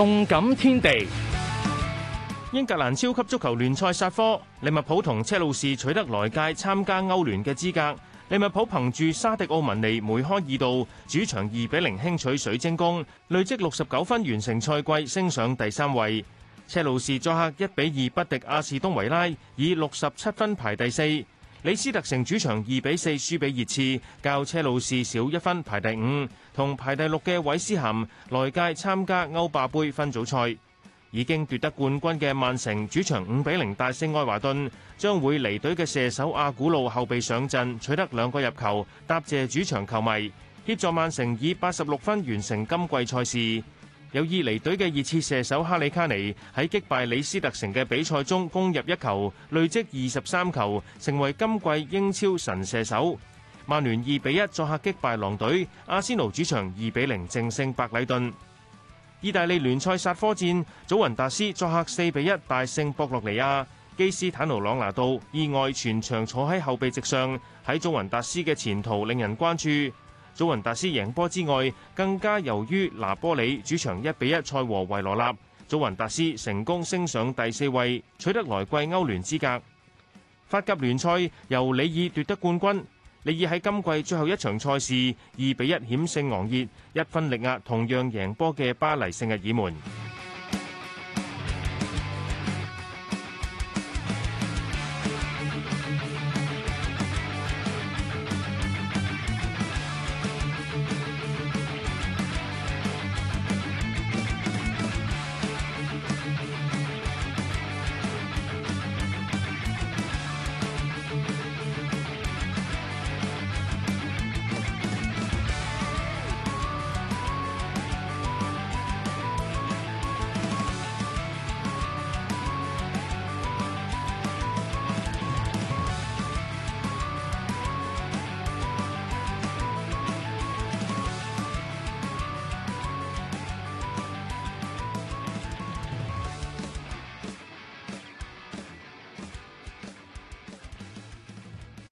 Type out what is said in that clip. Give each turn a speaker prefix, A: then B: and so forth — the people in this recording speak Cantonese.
A: 動感天地，英格蘭超級足球聯賽煞科，利物浦同車路士取得來屆參加歐聯嘅資格。利物浦憑住沙迪奧文尼梅開二度，主場二比零輕取水晶宮，累積六十九分完成賽季，升上第三位。車路士作客一比二不敵阿士東維拉，以六十七分排第四。李斯特城主場二比四輸畀熱刺，較車路士少一分排第五，同排第六嘅韋斯咸來屆參加歐霸杯分組賽。已經奪得冠軍嘅曼城主場五比零大勝愛華頓，將會離隊嘅射手阿古路後備上陣，取得兩個入球，答謝主場球迷，協助曼城以八十六分完成今季賽事。有意離隊嘅熱刺射手哈里卡尼喺擊敗李斯特城嘅比賽中攻入一球，累積二十三球，成為今季英超神射手。曼聯二比一作客擊敗狼隊，阿仙奴主場二比零淨勝白禮頓。意大利聯賽煞科戰，祖雲達斯作客四比一大勝博洛尼亞。基斯坦奴朗拿度意外全場坐喺後備席上，喺祖雲達斯嘅前途令人關注。祖雲達斯贏波之外，更加由於拿波里主場一比一賽和維羅納，祖雲達斯成功升上第四位，取得來季歐聯資格。法甲聯賽由里爾奪得冠軍，里爾喺今季最後一場賽事二比一險勝昂熱，一分力壓同樣贏波嘅巴黎聖日耳門。